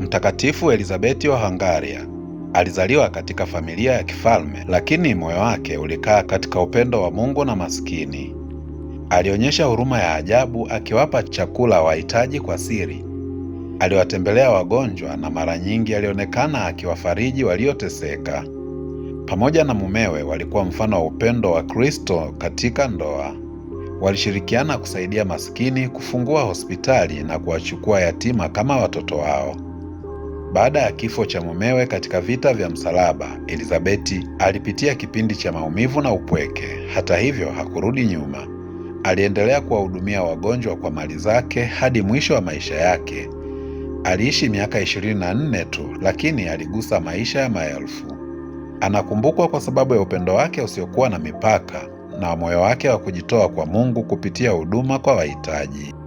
Mtakatifu Elizabeti wa Hungaria alizaliwa katika familia ya kifalme, lakini moyo wake ulikaa katika upendo wa Mungu na maskini. Alionyesha huruma ya ajabu, akiwapa chakula wahitaji kwa siri. Aliwatembelea wagonjwa na mara nyingi alionekana akiwafariji walioteseka. Pamoja na mumewe, walikuwa mfano wa upendo wa Kristo katika ndoa. Walishirikiana kusaidia maskini, kufungua hospitali na kuwachukua yatima kama watoto wao. Baada ya kifo cha mumewe katika vita vya msalaba, Elizabeti alipitia kipindi cha maumivu na upweke. Hata hivyo, hakurudi nyuma. Aliendelea kuwahudumia wagonjwa kwa mali zake hadi mwisho wa maisha yake. Aliishi miaka 24 tu, lakini aligusa maisha ya maelfu. Anakumbukwa kwa sababu ya upendo wake usiokuwa na mipaka na moyo wake wa kujitoa kwa Mungu kupitia huduma kwa wahitaji.